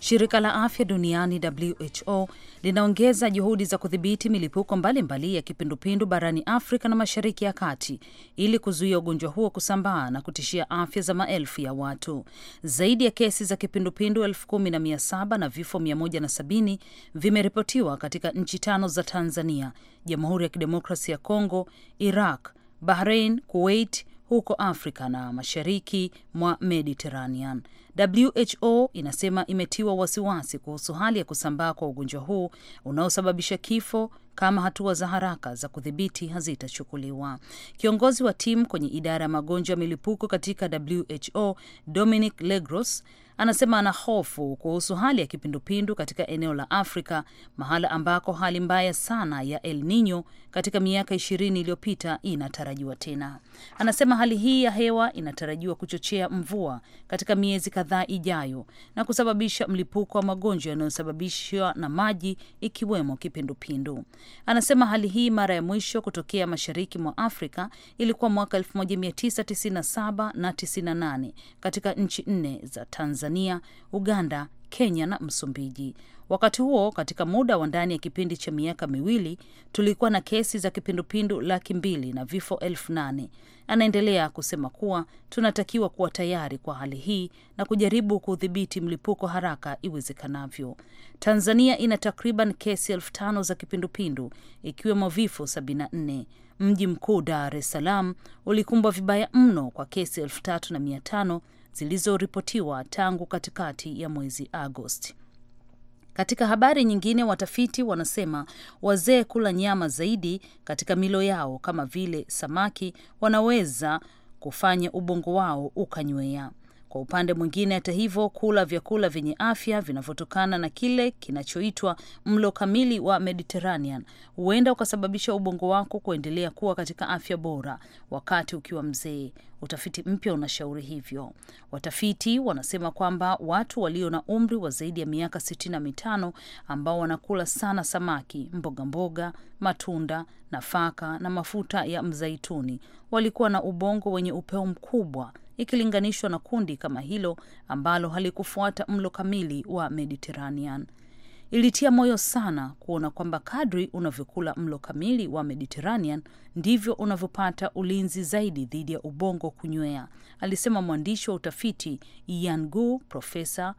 Shirika la afya duniani WHO linaongeza juhudi za kudhibiti milipuko mbalimbali ya kipindupindu barani Afrika na Mashariki ya Kati ili kuzuia ugonjwa huo kusambaa na kutishia afya za maelfu ya watu. Zaidi ya kesi za kipindupindu elfu kumi na mia saba na vifo mia moja na sabini vimeripotiwa katika nchi tano za Tanzania, Jamhuri ya kidemokrasi ya Kongo, Iraq, Bahrain, Kuwait, huko Afrika na mashariki mwa Mediterranean. WHO inasema imetiwa wasiwasi kuhusu hali ya kusambaa kwa ugonjwa huu unaosababisha kifo kama hatua za haraka za kudhibiti hazitachukuliwa. Kiongozi wa timu kwenye idara ya magonjwa ya milipuko katika WHO Dominic Legros anasema ana hofu kuhusu hali ya kipindupindu katika eneo la Afrika, mahala ambako hali mbaya sana ya El Nino katika miaka ishirini iliyopita inatarajiwa tena. Anasema hali hii ya hewa inatarajiwa kuchochea mvua katika miezi kadhaa ijayo na kusababisha mlipuko wa magonjwa yanayosababishwa na maji ikiwemo kipindupindu. Anasema hali hii mara ya mwisho kutokea mashariki mwa Afrika ilikuwa mwaka 1997 na 98 katika nchi nne za Tanzania Tanzania, Uganda, Kenya na Msumbiji. Wakati huo katika muda wa ndani ya kipindi cha miaka miwili tulikuwa na kesi za kipindupindu laki mbili na vifo elfu nane. Anaendelea kusema kuwa tunatakiwa kuwa tayari kwa hali hii na kujaribu kudhibiti mlipuko haraka iwezekanavyo. Tanzania ina takriban kesi elfu tano za kipindupindu ikiwemo vifo 74. Mji mkuu Dar es Salaam ulikumbwa vibaya mno kwa kesi elfu tatu na mia tano zilizoripotiwa tangu katikati ya mwezi Agosti. Katika habari nyingine, watafiti wanasema wazee kula nyama zaidi katika milo yao kama vile samaki wanaweza kufanya ubongo wao ukanywea. Kwa upande mwingine, hata hivyo, kula vyakula vyenye afya vinavyotokana na kile kinachoitwa mlo kamili wa Mediterranean huenda ukasababisha ubongo wako kuendelea kuwa katika afya bora wakati ukiwa mzee. Utafiti mpya unashauri hivyo. Watafiti wanasema kwamba watu walio na umri wa zaidi ya miaka sitini na mitano ambao wanakula sana samaki, mbogamboga, matunda, nafaka na mafuta ya mzaituni walikuwa na ubongo wenye upeo mkubwa ikilinganishwa na kundi kama hilo ambalo halikufuata mlo kamili wa Mediterranean. Ilitia moyo sana kuona kwamba kadri unavyokula mlo kamili wa Mediterranean ndivyo unavyopata ulinzi zaidi dhidi ya ubongo kunywea, alisema mwandishi wa utafiti Ian Gu, profesa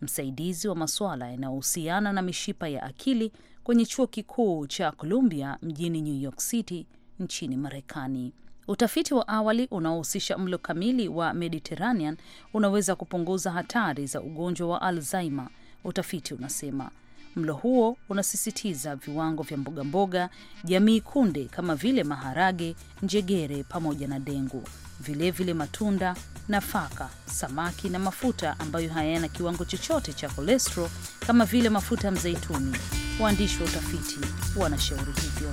msaidizi wa masuala yanayohusiana na mishipa ya akili kwenye chuo kikuu cha Columbia mjini New York City nchini Marekani. Utafiti wa awali unaohusisha mlo kamili wa Mediterranean unaweza kupunguza hatari za ugonjwa wa Alzheimer, utafiti unasema. Mlo huo unasisitiza viwango vya mbogamboga, jamii kunde kama vile maharage, njegere pamoja na dengu, vilevile vile matunda, nafaka, samaki na mafuta ambayo hayana kiwango chochote cha kolestro kama vile mafuta ya mzeituni. Waandishi wa utafiti wanashauri hivyo.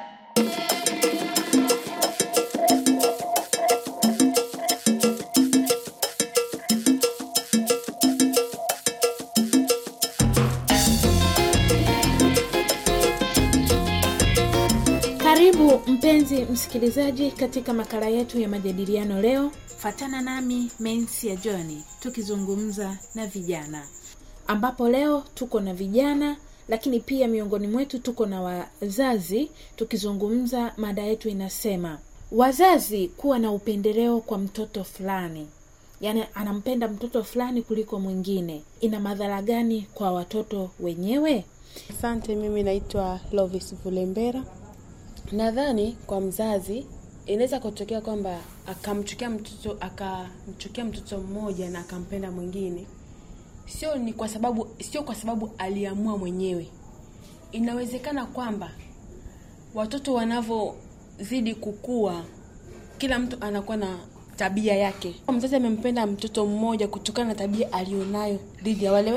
Mpenzi msikilizaji, katika makala yetu ya majadiliano leo, fatana nami Mensi ya Johni tukizungumza na vijana, ambapo leo tuko na vijana lakini pia miongoni mwetu tuko na wazazi tukizungumza. Mada yetu inasema wazazi kuwa na upendeleo kwa mtoto fulani, yaani anampenda mtoto fulani kuliko mwingine, ina madhara gani kwa watoto wenyewe? Asante, mimi naitwa Lovis Vulembera nadhani kwa mzazi inaweza kutokea kwamba akamchukia mtoto akamchukia mtoto mmoja na akampenda mwingine sio ni kwa sababu sio kwa sababu aliamua mwenyewe inawezekana kwamba watoto wanavyozidi kukua kila mtu anakuwa na tabia yake mzazi amempenda mtoto mmoja kutokana na tabia aliyonayo dhidi ya wale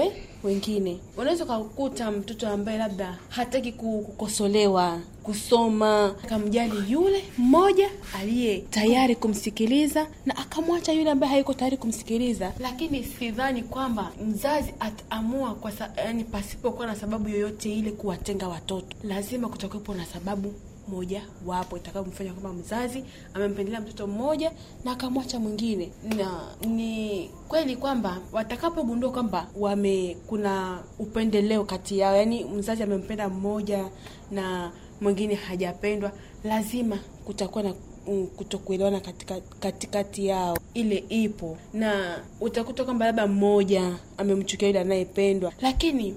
wengine. Unaweza ukakuta mtoto ambaye labda hataki kukosolewa kusoma, akamjali yule mmoja aliye tayari kumsikiliza na akamwacha yule ambaye hayuko tayari kumsikiliza. Lakini sidhani kwamba mzazi ataamua kwa sa, yani pasipokuwa na sababu yoyote ile kuwatenga watoto, lazima kutakuwepo na sababu moja wapo itakayomfanya kwamba mzazi amempendelea mtoto mmoja na akamwacha mwingine, na ni kweli kwamba watakapogundua kwamba wame kuna upendeleo kati yao, yaani mzazi amempenda mmoja na mwingine hajapendwa, lazima kutakuwa na mm, kutokuelewana katikati katikati yao, ile ipo, na utakuta kwamba labda mmoja amemchukia yule anayependwa, lakini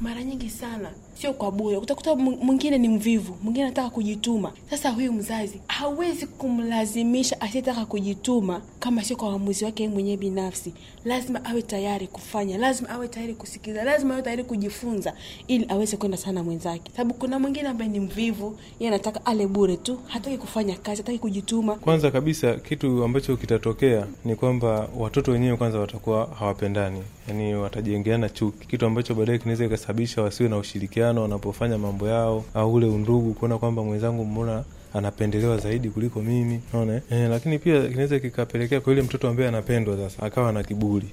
mara nyingi sana sio kwa bure. Utakuta mwingine ni mvivu, mwingine anataka kujituma. Sasa huyu mzazi hawezi kumlazimisha asiyetaka kujituma, kama sio kwa uamuzi wake mwenyewe binafsi. Lazima awe tayari kufanya, lazima awe tayari kusikiza, lazima awe tayari kujifunza, ili aweze kwenda sana mwenzake, sababu kuna mwingine ambaye ni mvivu, yeye anataka ale bure tu, hataki kufanya kazi, hataki kujituma. Kwanza kabisa kitu ambacho kitatokea ni kwamba watoto wenyewe kwanza watakuwa hawapendani, yani watajengeana chuki, kitu ambacho baadaye kinaweza kikasababisha wasiwe na ushirikiano ushirikiano wanapofanya mambo yao, au ule undugu, kuona kwamba mwenzangu mbona anapendelewa zaidi kuliko mimi, naona eh, lakini pia kinaweza kikapelekea kwa yule mtoto ambaye anapendwa sasa akawa na kiburi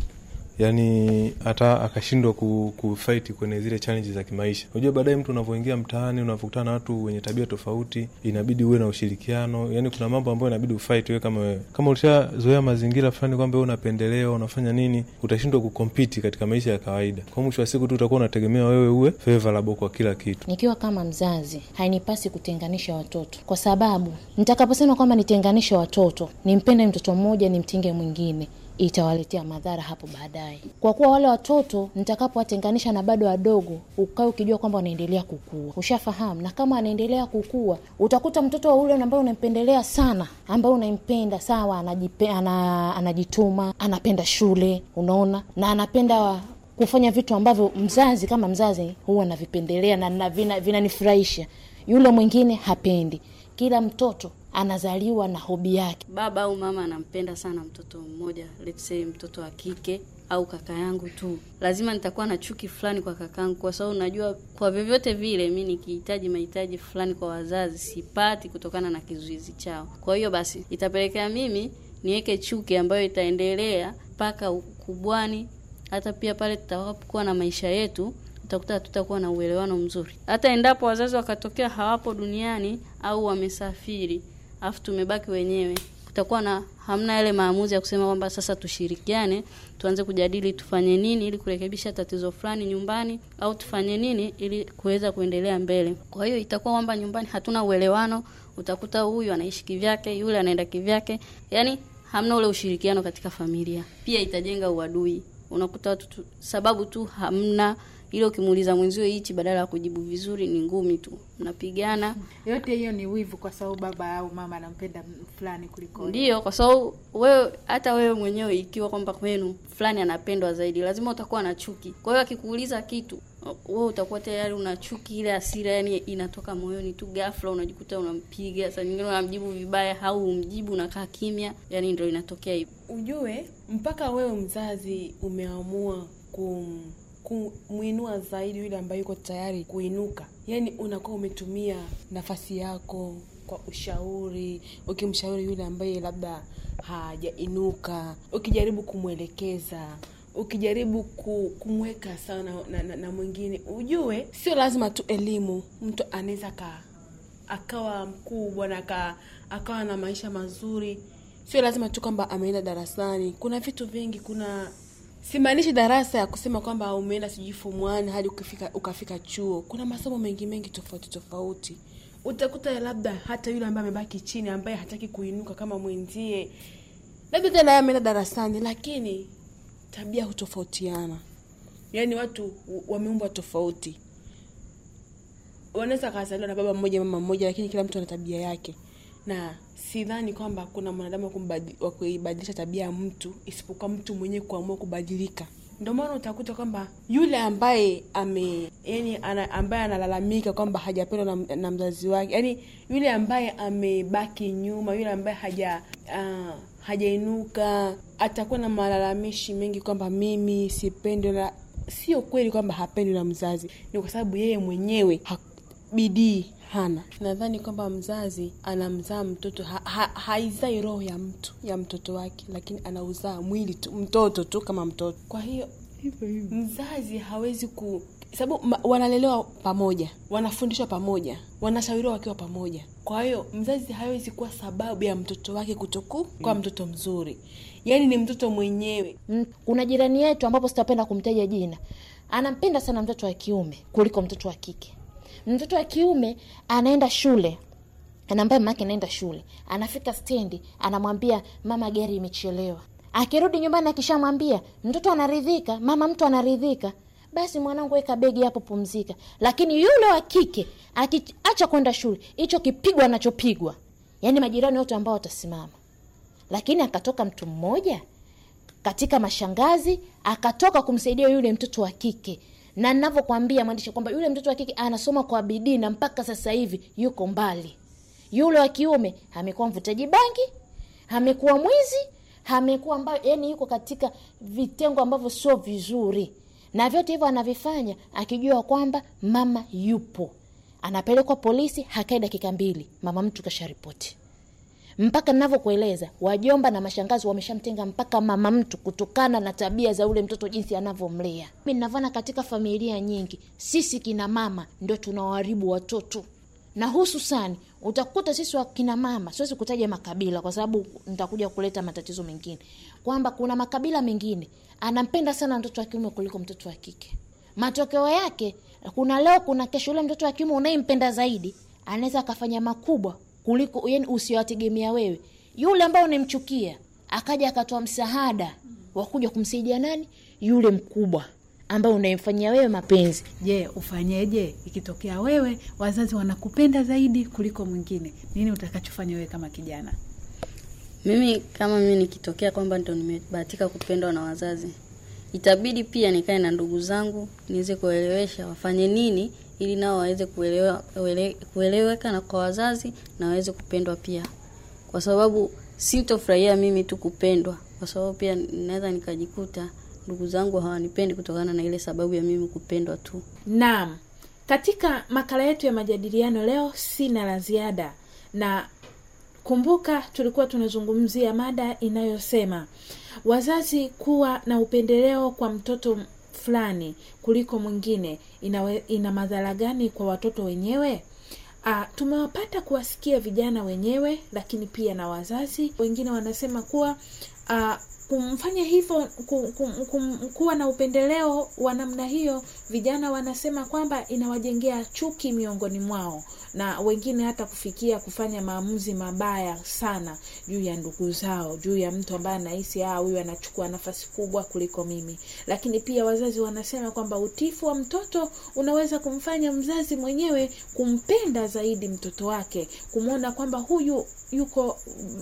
yani hata akashindwa kufight kwenye zile challenges za kimaisha. Unajua, baadaye mtu unavyoingia mtaani, unavyokutana na watu wenye tabia tofauti, inabidi uwe na ushirikiano. Yani kuna mambo ambayo inabidi ufight wewe kama wewe, kama ulishazoea mazingira fulani kwamba wewe unapendelewa, unafanya nini, utashindwa kukompiti katika maisha ya kawaida. Kwa mwisho wa siku tu utakuwa unategemea wewe uwe favorable kwa kila kitu. Nikiwa kama mzazi, hainipasi kutenganisha watoto, kwa sababu nitakaposema kwamba nitenganishe watoto, nimpende mtoto mmoja, nimtinge mwingine itawaletea madhara hapo baadaye, kwa kuwa wale watoto nitakapowatenganisha na bado wadogo, ukae ukijua kwamba wanaendelea kukua, ushafahamu. Na kama anaendelea kukua, utakuta mtoto wa ule ambaye unampendelea sana, ambaye unampenda sawa, anajipe, ana, anajituma, anapenda shule, unaona, na anapenda wa kufanya vitu ambavyo mzazi kama mzazi huwa navipendelea na, na vinanifurahisha, vina yule mwingine hapendi. Kila mtoto anazaliwa na hobi yake. Baba au mama anampenda sana mtoto mmoja, let's say mtoto wa kike au kaka yangu tu, lazima nitakuwa na chuki fulani kwa kakangu, kwa sababu najua kwa vyovyote vile mi nikihitaji mahitaji fulani kwa wazazi sipati kutokana na kizuizi chao. Kwa hiyo basi itapelekea mimi niweke chuki ambayo itaendelea mpaka ukubwani. Hata pia pale tutakuwa na maisha yetu, utakuta hatutakuwa na uelewano mzuri, hata endapo wazazi wakatokea hawapo duniani au wamesafiri afu tumebaki wenyewe, kutakuwa na hamna yale maamuzi ya kusema kwamba sasa tushirikiane, tuanze kujadili tufanye nini ili kurekebisha tatizo fulani nyumbani, au tufanye nini ili kuweza kuendelea mbele. Kwa hiyo itakuwa kwamba nyumbani hatuna uelewano, utakuta huyu anaishi kivyake, yule anaenda kivyake, yani hamna ule ushirikiano katika familia. Pia itajenga uadui, unakuta watu sababu tu hamna ile ukimuuliza mwenzio hichi, badala ya kujibu vizuri, ni ngumi tu, mnapigana. Yote hiyo ni wivu, kwa sababu baba au mama anampenda fulani kuliko ndio, kwa sababu wewe, hata wewe mwenyewe ikiwa kwamba kwenu fulani anapendwa zaidi, lazima utakuwa na chuki. Kwa hiyo akikuuliza kitu wewe utakuwa tayari una chuki, ile asira yani inatoka moyoni tu ghafla, unajikuta unampiga. Saa nyingine unamjibu vibaya au umjibu, unakaa kimya, yani ndio inatokea hivyo. Ujue mpaka wewe mzazi umeamua kum kumwinua zaidi yule ambaye yuko tayari kuinuka. Yaani unakuwa umetumia nafasi yako kwa ushauri, ukimshauri yule ambaye labda hajainuka, ukijaribu kumwelekeza ukijaribu kumweka sawa na, na, na, na mwingine. Ujue sio lazima tu elimu, mtu anaweza ka akawa mkubwa na ka, akawa na maisha mazuri. Sio lazima tu kwamba ameenda darasani. Kuna vitu vingi, kuna simaanishi darasa ya kusema kwamba umeenda sijui form hadi ukifika, ukafika chuo kuna masomo mengi mengi tofauti tofauti utakuta labda hata yule ambaye amebaki chini ambaye hataki kuinuka kama mwenzie labda tena ameenda darasani lakini tabia hutofautiana yaani watu wameumbwa tofauti wanaweza akazaliwa na baba mmoja mama mmoja lakini kila mtu ana tabia yake na sidhani kwamba kuna mwanadamu wa kuibadilisha tabia ya mtu isipokuwa mtu mwenyewe kuamua kubadilika ndio maana utakuta kwamba yule ambaye ame yani ana, ambaye analalamika kwamba hajapendwa na, na mzazi wake yani yule ambaye amebaki nyuma yule ambaye haja uh, hajainuka atakuwa na malalamishi mengi kwamba mimi sipendwe na sio kweli kwamba hapendwi na mzazi ni kwa sababu yeye mwenyewe haku bidii hana. Nadhani kwamba mzazi anamzaa mtoto ha, ha, haizai roho ya mtu ya mtoto wake, lakini anauzaa mwili tu, mtoto tu kama mtoto. Kwa hiyo mzazi hawezi ku sababu wanalelewa pamoja, wanafundishwa pamoja, wanashauriwa wakiwa pamoja. Kwa hiyo mzazi hawezi kuwa sababu ya mtoto wake kutoku kwa mm. mtoto mzuri, yaani ni mtoto mwenyewe. Mm, kuna jirani yetu ambapo sitapenda kumtaja jina, anampenda sana mtoto wa kiume kuliko mtoto wa kike Mtoto wa kiume anaenda shule anaambia mamake naenda shule, anafika stendi, anamwambia mama, gari imechelewa. Akirudi nyumbani, akishamwambia mtoto anaridhika, mama mtu anaridhika, basi mwanangu, weka begi hapo, pumzika. Lakini yule wa kike akiacha kwenda shule, hicho kipigwa anachopigwa, yaani majirani wote ambao watasimama. Lakini akatoka mtu mmoja katika mashangazi, akatoka kumsaidia yule mtoto wa kike na ninavyokwambia mwandishi kwamba yule mtoto wa kike anasoma kwa bidii na mpaka sasa hivi yuko mbali. Yule wa kiume amekuwa mvutaji bangi, amekuwa mwizi, amekuwa ambayo, yani yuko katika vitengo ambavyo sio vizuri, na vyote hivyo anavifanya akijua kwamba mama yupo. Anapelekwa polisi, hakai dakika mbili, mama mtu kasharipoti mpaka ninavyokueleza, wajomba na mashangazi wameshamtenga mpaka mama mtu kutokana na tabia za ule mtoto jinsi anavyomlea. Mimi ninavyoona katika familia nyingi, sisi kina mama ndo tunawaharibu watoto na hususani utakuta sisi wakina mama, siwezi kutaja makabila kwa sababu nitakuja kuleta matatizo mengine, kwamba kuna makabila mengine anampenda sana mtoto wa kiume kuliko mtoto wa kike. Matokeo yake kuna leo, kuna kesho, ule mtoto wa kiume unayempenda zaidi anaweza akafanya makubwa kuliko yani usiwategemea wewe. Yule ambaye unamchukia akaja akatoa msaada wa kuja kumsaidia nani? Yule mkubwa ambayo unayemfanyia wewe mapenzi. Je, ufanyeje ikitokea wewe wazazi wanakupenda zaidi kuliko mwingine? Nini utakachofanya wewe kama kijana? Mimi kama mimi nikitokea kwamba ndo nimebahatika kupendwa na wazazi, itabidi pia nikae na ndugu zangu niweze kuelewesha wafanye nini ili nao waweze kuelewa, kueleweka na kwa wazazi na waweze kupendwa pia, kwa sababu sitofurahia mimi tu kupendwa, kwa sababu pia naweza nikajikuta ndugu zangu hawanipendi kutokana na ile sababu ya mimi kupendwa tu. Naam, katika makala yetu ya majadiliano leo sina la ziada, na kumbuka tulikuwa tunazungumzia mada inayosema wazazi kuwa na upendeleo kwa mtoto fulani kuliko mwingine ina, ina madhara gani kwa watoto wenyewe? A, ah, tumewapata kuwasikia vijana wenyewe, lakini pia na wazazi wengine wanasema kuwa a, ah, kumfanya hivyo kum, kum, kum, kuwa na upendeleo wa namna hiyo, vijana wanasema kwamba inawajengea chuki miongoni mwao na wengine hata kufikia kufanya maamuzi mabaya sana juu ya ndugu zao, juu ya mtu ambaye anahisi a ah, huyu anachukua nafasi kubwa kuliko mimi. Lakini pia wazazi wanasema kwamba utifu wa mtoto unaweza kumfanya mzazi mwenyewe kumpenda zaidi mtoto wake, kumwona kwamba huyu yuko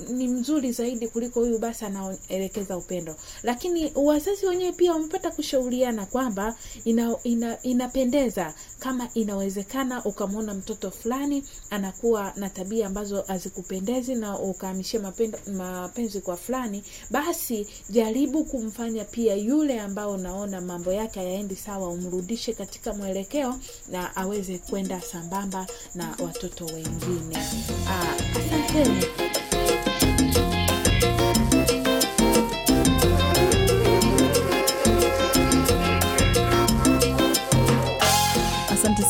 ni mzuri zaidi kuliko huyu, basi anaelekeza katika upendo. Lakini wazazi wenyewe pia wamepata kushauriana kwamba ina, ina, inapendeza kama inawezekana ukamwona mtoto fulani anakuwa na tabia ambazo hazikupendezi na ukaamishia mapenzi kwa fulani, basi jaribu kumfanya pia yule ambao unaona mambo yake hayaendi sawa, umrudishe katika mwelekeo na aweze kwenda sambamba na watoto wengine. Ah, asanteni.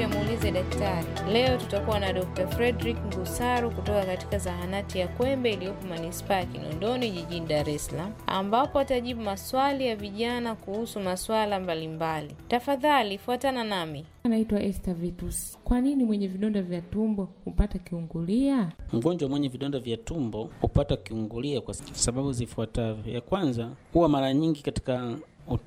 ya muulize Daktari. Leo tutakuwa na Dr. fredrik Ngusaru kutoka katika zahanati ya Kwembe iliyopo manispaa ya Kinondoni jijini Dar es Salaam, ambapo atajibu maswali ya vijana kuhusu maswala mbalimbali. Tafadhali fuatana nami. Anaitwa Esther Vitus. Kwa nini mwenye vidonda vya tumbo hupata kiungulia? Mgonjwa mwenye vidonda vya tumbo hupata kiungulia kwa sababu zifuatavyo. Ya kwanza, huwa mara nyingi katika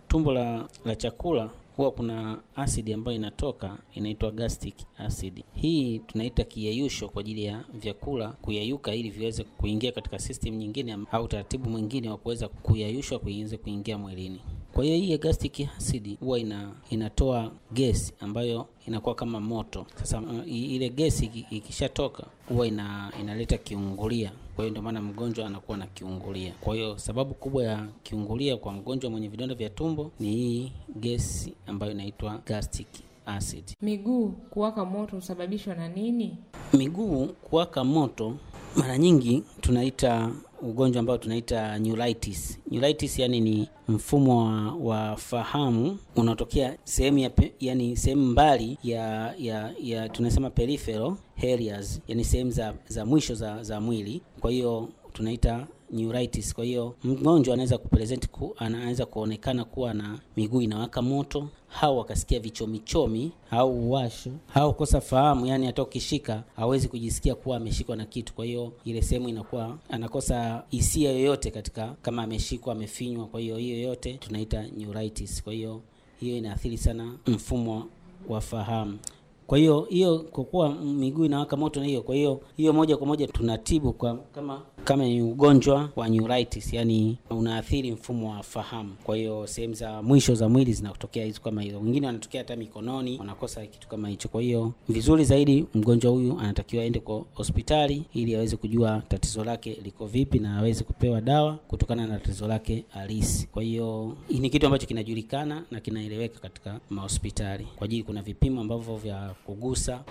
tumbo la, la chakula huwa kuna asidi ambayo inatoka inaitwa gastric acid. Hii tunaita kiyeyusho kwa ajili ya vyakula kuyeyuka ili viweze kuingia katika system nyingine au utaratibu mwingine wa kuweza kuyayushwa kuiweze kuingia mwilini. Kwa hiyo hii gastric acid huwa ina, inatoa gesi ambayo inakuwa kama moto. Sasa uh, ile gesi ikishatoka huwa ina, inaleta kiungulia kwa hiyo ndio maana mgonjwa anakuwa na kiungulia. Kwa hiyo sababu kubwa ya kiungulia kwa mgonjwa mwenye vidonda vya tumbo ni hii gesi ambayo inaitwa gastric acid. Miguu kuwaka moto husababishwa na nini? Miguu kuwaka moto mara nyingi tunaita ugonjwa ambao tunaita neuritis. Neuritis yani ni mfumo wa, wa fahamu unaotokea sehemu ya yani sehemu mbali ya, ya, ya tunasema peripheral areas, yani sehemu za, za mwisho za, za mwili. Kwa hiyo tunaita neuritis. Kwa hiyo mgonjwa anaweza kupresent ku, anaweza kuonekana kuwa na miguu inawaka moto au akasikia vichomichomi au uwasho au kosa fahamu, yani hata ukishika hawezi kujisikia kuwa ameshikwa na kitu. Kwa hiyo ile sehemu inakuwa anakosa hisia yoyote katika kama ameshikwa, amefinywa. Kwa hiyo hiyo yote tunaita neuritis. Kwa hiyo hiyo inaathiri sana mfumo wa fahamu. Kwa hiyo hiyo kwa kuwa miguu inawaka moto na hiyo, kwa hiyo hiyo moja kwa moja tunatibu kwa kama kama ni ugonjwa wa neuritis, yani unaathiri mfumo wa fahamu. Kwa hiyo sehemu za mwisho za mwili zinatokea hizo kama hizo, wengine wanatokea hata mikononi, wanakosa kitu kama hicho. Kwa hiyo vizuri zaidi mgonjwa huyu anatakiwa aende kwa hospitali ili aweze kujua tatizo lake liko vipi na aweze kupewa dawa kutokana na tatizo lake halisi. Kwa hiyo ni kitu ambacho kinajulikana na kinaeleweka katika mahospitali, kwa ajili kuna vipimo ambavyo vya kugusa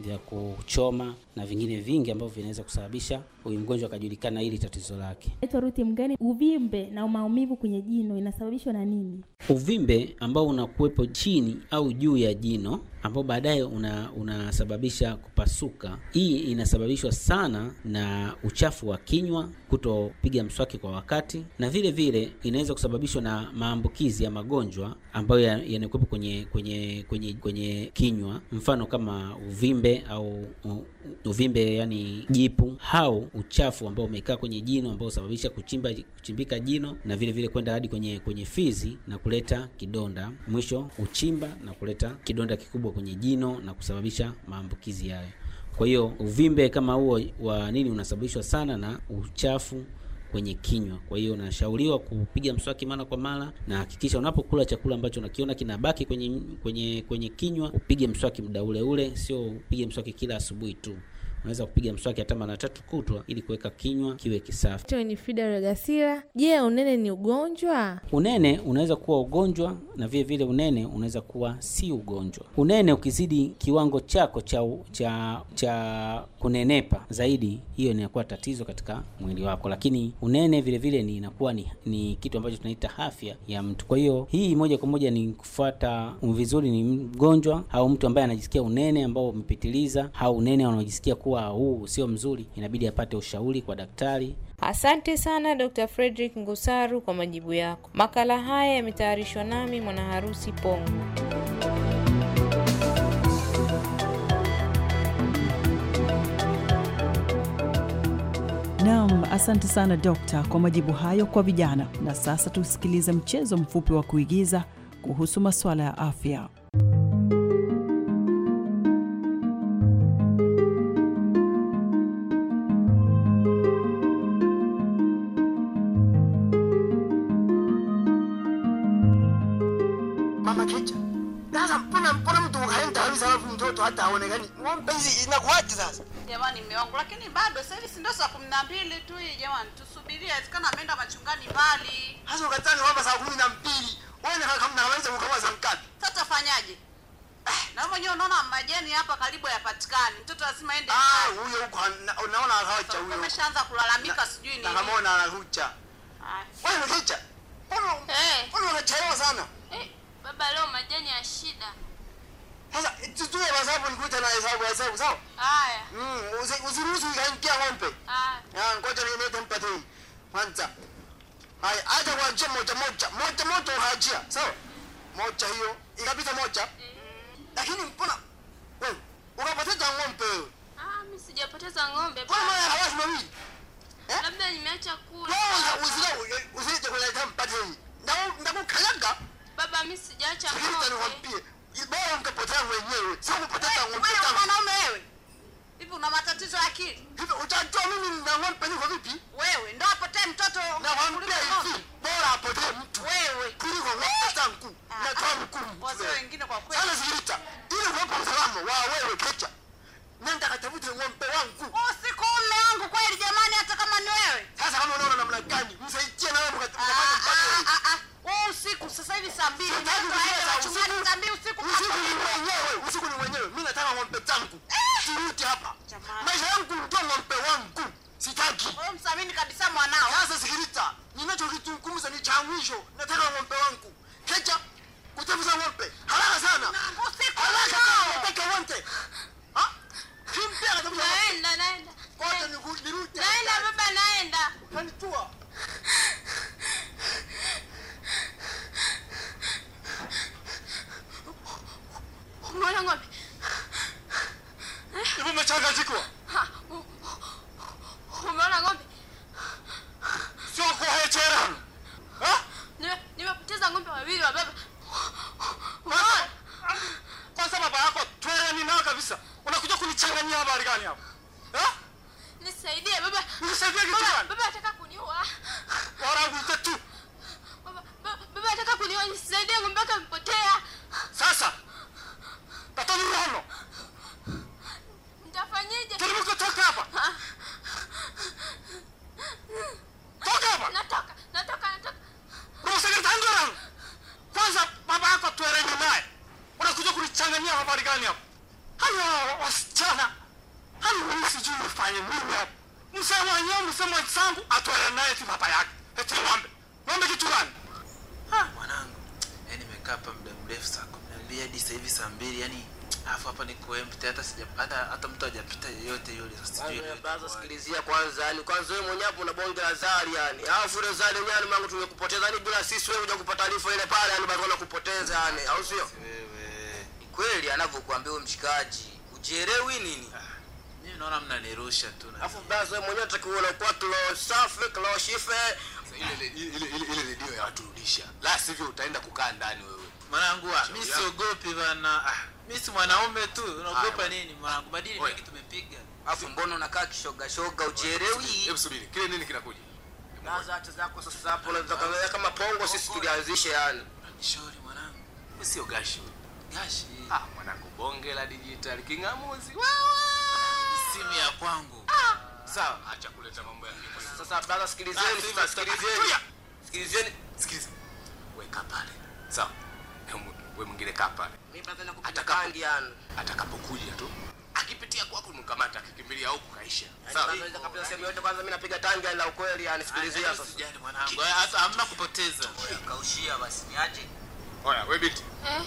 vya kuchoma na vingine vingi ambavyo vinaweza kusababisha huyu mgonjwa akajulikana hili tatizo lake. Naitwa Ruti Mgeni. Uvimbe na maumivu kwenye jino inasababishwa na nini? Uvimbe ambao unakuwepo chini au juu ya jino ambao baadaye una, unasababisha kupasuka. Hii inasababishwa sana na uchafu wa kinywa kutopiga mswaki kwa wakati, na vile vile inaweza kusababishwa na maambukizi ya magonjwa ambayo yanakuwepo kwenye kwenye kwenye kwenye kinywa, mfano kama uvimbe au uvimbe yani jipu au uchafu ambao umekaa kwenye jino ambao husababisha kuchimba kuchimbika jino na vile vile kwenda hadi kwenye kwenye fizi na kuleta kidonda, mwisho uchimba na kuleta kidonda kikubwa kwenye jino na kusababisha maambukizi hayo. Kwa hiyo uvimbe kama huo wa nini unasababishwa sana na uchafu kwenye kinywa. Kwa hiyo unashauriwa kupiga mswaki mara kwa mara, na hakikisha unapokula chakula ambacho unakiona kinabaki kwenye kwenye kwenye kinywa, upige mswaki muda ule ule, sio upige mswaki kila asubuhi tu unaweza kupiga mswaki hata mara tatu kutwa ili kuweka kinywa kiwe kisafi. Ni Frida Regasira. Je, unene ni ugonjwa? Unene unaweza kuwa ugonjwa na vile vile unene unaweza kuwa si ugonjwa. Unene ukizidi kiwango chako cha cha cha kunenepa zaidi, hiyo inakuwa tatizo katika mwili wako, lakini unene vile vile ni inakuwa ni, ni kitu ambacho tunaita afya ya mtu. Kwa hiyo hii moja kwa moja ni kufuata vizuri, ni mgonjwa au mtu ambaye anajisikia unene ambao umepitiliza au unene unaojisikia kuwa kuwa huu sio mzuri, inabidi apate ushauri kwa daktari. Asante sana Dr. Frederick Ngusaru kwa majibu yako. Makala haya yametayarishwa nami mwanaharusi Pongo. Naam, asante sana dokta kwa majibu hayo kwa vijana. Na sasa tusikilize mchezo mfupi wa kuigiza kuhusu masuala ya afya. yani ng'ombe hizi sasa? Jamani mume wangu, lakini bado sasa ndio saa kumi na mbili tu hii jamani, tusubirie, asikana ameenda machungani mbali. Sasa ukataka kwamba saa kumi na mbili wewe naweza kukamua saa ngapi? Sasa ah, Na wewe mwenyewe unaona majani hapa karibu yapatikani, mtoto lazima aende. Ah, huyo huko unaona hacha huyo. Ameshaanza kulalamika sijui nini. kama una hacha. Wewe hacha. Mbona eh. unachelewa sana? Eh, baba leo majani ya shida. Sasa tutue masabu nikuita na hesabu hesabu sawa? Haya. Mm, usiruhusu ikaingia ng'ombe. Haya. Ah, ngoja nimelete mpate hii. Kwanza. Haya, acha kuachia moja moja. Moja moja ukaachia, sawa? Moja hiyo, ikapita moja. Eh. Lakini mbona wewe ukapoteza ng'ombe wewe? Ah, mimi sijapoteza ng'ombe. Kwa maana hawasi mawili. Eh? Labda nimeacha kula. Wewe usije usije kuleta mpate hii. Ndio ndakukanyaga. Baba mimi sijaacha ng'ombe. Nikwambie bora mkapotea wenyewe, sio kupoteza ng'ombe. Wewe mwanaume wewe, hivi una matatizo ya akili hivi? Utajua mimi nina ng'ombe niko vipi? Wewe ndio apotee mtoto na wambia hivi, bora apotee mtu wewe kuliko ng'ombe zangu na kwa mkuu. wazee wengine. Kwa kweli sana sikilita, ili ng'ombe usalama wa wewe, kecha nenda katafute ng'ombe wangu, usikule wangu kweli jamaa. gani hapa? Habari gani hapa? Eh? Nisaidie baba. Nisaidie kitu gani? Baba anataka kuniua. Bora Wala tu. Baba baba anataka kuniua, nisaidie ng'ombe wake amepotea. Sasa. Tatoni rono. Nitafanyaje? Karibu kutoka hapa. Toka hapa. Natoka, natoka, natoka. Rosa Gatangora. Kwanza baba yako tueleze naye. Unakuja kunichanganyia habari gani hapa? Hayo wasichana Hani sijui mfanye nini hapo? Msema yeye msema sangu atwale naye ti baba yake. Eti ng'ombe. Ng'ombe kitu gani? Ah, mwanangu. Yaani nimekaa hapa muda mrefu saa 12 hadi sasa hivi saa 2 yani alafu hapa niko empty hata sija hata mtu hajapita yeyote yule sasa sijui. Kwanza sikilizia kwanza yani kwanza wewe mwenyewe hapo una bonge yani. Alafu ile zari yani mangu tumekupoteza yani bila sisi wewe hujakupata taarifa ile pale yani bado unakupoteza yani au sio? Wewe. kweli anavyokuambia mshikaji. Ujielewi nini? Ah. Mimi naona mnanirusha tu. Alafu blaza wewe mwenyewe utakiwa unakuwa tulo safi, tulo shife. Ile ile ile redio ya waturudisha. La sivyo utaenda kukaa ndani wewe. Mwanangu, mimi siogopi bana. Ah, mimi si mwanaume tu. Unaogopa nini mwanangu? Badili mengi tumepiga. Alafu mbona unakaa kishoga shoga uchelewi? Hebu subiri. Kile nini kinakuja? Blaza hata zako sasa hapo unaweza kuangalia kama pongo sisi tulianzisha yani. Shauri mwanangu. Mimi sio gashi. Gashi. Ah, mwanangu bonge la digital king'amuzi. Wawa! simu ya kwangu. Ah. Sawa, acha kuleta mambo ya mimi. Sasa baada ah, sikilizeni, sikilizeni. Sikilizeni, sikilizeni. Weka pale. Sawa. Wewe mwingine kaa pale. Mimi baada na nakupiga bangi yani. Atakapokuja tu akipitia kwako mkamata akikimbilia huko kaisha. Yaani Sawa. Naweza kapita sehemu yote kwanza mimi napiga tangi la ukweli yani sikilizia yaani sasa. Sijali mwanangu. Hata hamna kupoteza. Kaushia basi niaje. Oya, wewe binti. Eh?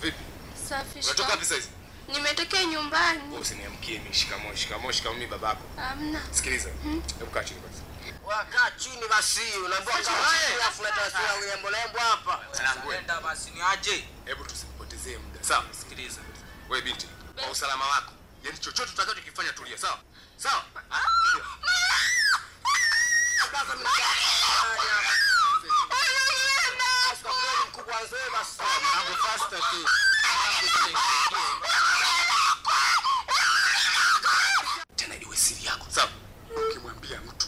Vipi? Safi. Unatoka vipi sasa? Nimetokea nyumbani. Usiniamkie mimi shikamoo shikamoo shikamoo mimi babako. Hamna. Sikiliza. Hmm? Hebu kaa chini basi. Waka chini basi. Unaambia kaa chini alafu unatawasilia ulembo lembo hapa. Nenda basi ni aje. Hebu tusipotezee muda. Sawa. Sikiliza. Wewe binti, kwa usalama wako. Yaani chochote tutakachokifanya tulia, sawa? Sawa? Mkubwa nzee basi. Mwanangu faster tu. ya mucho.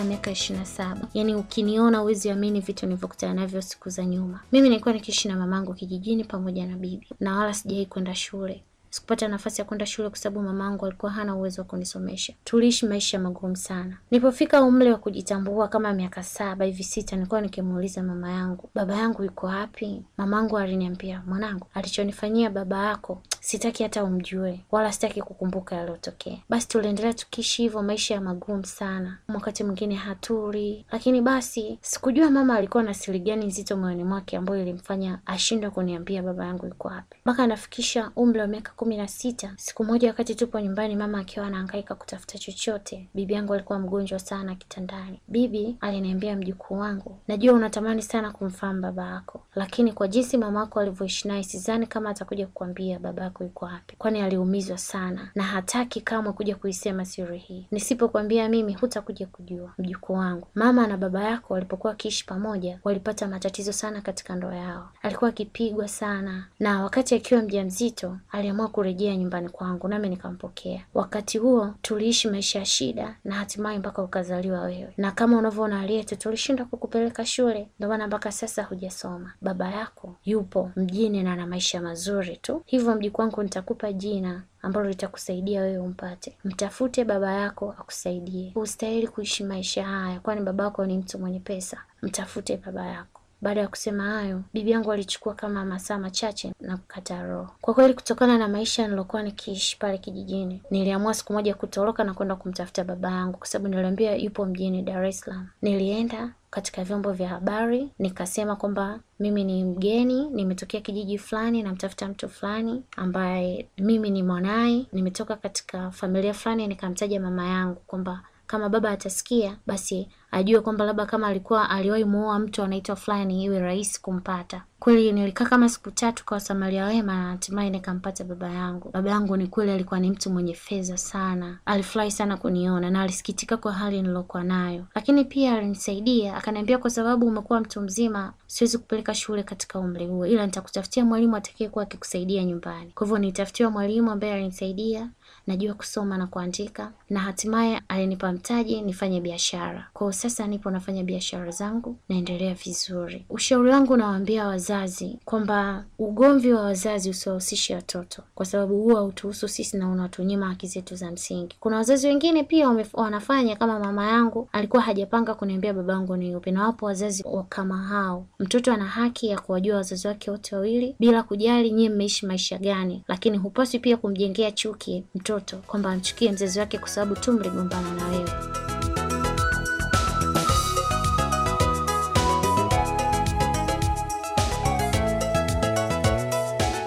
wa miaka 27. Yaani ukiniona uwezi amini vitu nilivyokutana navyo siku za nyuma. Mimi nilikuwa nikiishi na mamangu kijijini pamoja na bibi na wala sijawahi kwenda shule. Sikupata nafasi ya kwenda shule kwa sababu mamangu alikuwa hana uwezo wa kunisomesha. Tuliishi maisha magumu sana. Nilipofika umri wa kujitambua kama miaka saba hivi sita, nilikuwa nikimuuliza mama yangu, baba yangu yuko wapi? Mamangu aliniambia, mwanangu, alichonifanyia baba yako sitaki hata umjue, wala sitaki kukumbuka yaliyotokea. Basi tuliendelea tukiishi hivyo maisha ya magumu sana, wakati mwingine hatuli. Lakini basi sikujua mama alikuwa na siri gani nzito moyoni mwake ambayo ilimfanya ashindwe kuniambia baba yangu yuko wapi, mpaka anafikisha umri wa miaka kumi na sita, siku moja wakati tupo nyumbani, mama akiwa anahangaika kutafuta chochote, bibi yangu alikuwa mgonjwa sana kitandani. Bibi aliniambia, mjukuu wangu, najua unatamani sana kumfahamu baba yako, lakini kwa jinsi mama yako alivyoishi naye, sidhani kama atakuja kukwambia baba yako yuko wapi, kwani aliumizwa sana na hataki kamwe kuja kuisema siri hii. Nisipokwambia mimi, hutakuja kujua. Mjukuu wangu, mama na baba yako walipokuwa wakiishi pamoja, walipata matatizo sana katika ndoa yao. Alikuwa akipigwa sana, na wakati akiwa mjamzito aliamua kurejea nyumbani kwangu, nami nikampokea. Wakati huo tuliishi maisha ya shida na hatimaye mpaka ukazaliwa wewe, na kama unavyoona Aliyetu, tulishindwa kukupeleka shule, ndio maana mpaka sasa hujasoma. Baba yako yupo mjini na ana maisha mazuri tu, hivyo mjukuu wangu, nitakupa jina ambalo litakusaidia wewe umpate. Mtafute baba yako akusaidie. Hustahili kuishi maisha haya, kwani baba yako ni mtu mwenye pesa. Mtafute baba yako. Baada ya kusema hayo, bibi yangu alichukua kama masaa machache na kukata roho. Kwa kweli, kutokana na maisha nilokuwa nikiishi pale kijijini, niliamua siku moja kutoroka na kwenda kumtafuta baba yangu, kwa sababu niliambia yupo mjini Dar es Salaam. Nilienda katika vyombo vya habari nikasema kwamba mimi ni mgeni, nimetokea kijiji fulani, namtafuta mtu fulani ambaye mimi ni mwanaye, nimetoka katika familia fulani. Nikamtaja mama yangu kwamba kama baba atasikia basi ajue kwamba labda kama alikuwa aliwahi muoa mtu anaitwa fulani iwe rahisi kumpata. Kweli nilikaa kama siku tatu kwa Samaria wema na hatimaye nikampata baba yangu. Baba yangu ni kweli alikuwa ni mtu mwenye fedha sana, alifurahi sana kuniona na alisikitika kwa hali nilokuwa nayo, lakini pia alinisaidia, akaniambia kwa sababu umekuwa mtu mzima, siwezi kupeleka shule katika umri huo, ila nitakutafutia mwalimu atakayekuwa akikusaidia nyumbani. Kwa hivyo nilitafutiwa mwalimu ambaye alinisaidia najua kusoma na kuandika, na hatimaye alinipa mtaji nifanye biashara. Kwa sasa nipo nafanya biashara zangu, naendelea vizuri. Ushauri wangu nawaambia wazazi kwamba ugomvi wa wazazi usiwahusishe watoto, kwa sababu huwa hautuhusu sisi na unatunyima haki zetu za msingi. Kuna wazazi wengine pia wanafanya kama mama yangu, alikuwa hajapanga kuniambia babangu ni yupi, na wapo wazazi kama hao. Mtoto ana haki ya kuwajua wazazi wake wote wawili bila kujali nyie mmeishi maisha gani, lakini hupaswi pia kumjengea chuki mtoto mtoto kwamba amchukie mzazi wake kwa sababu tu mligombana na wewe.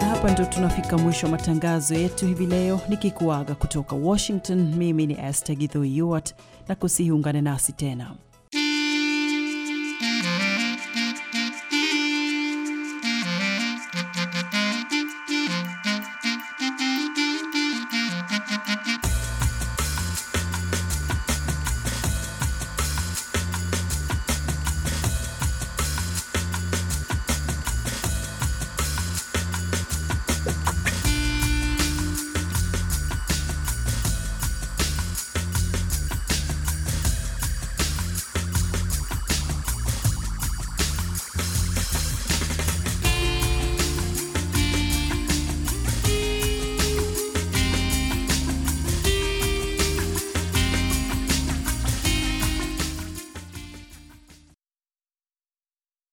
Hapa ndo tunafika mwisho wa matangazo yetu hivi leo, nikikuaga kutoka Washington. Mimi ni Esther Githo Yuart, na kusihi ungane nasi tena.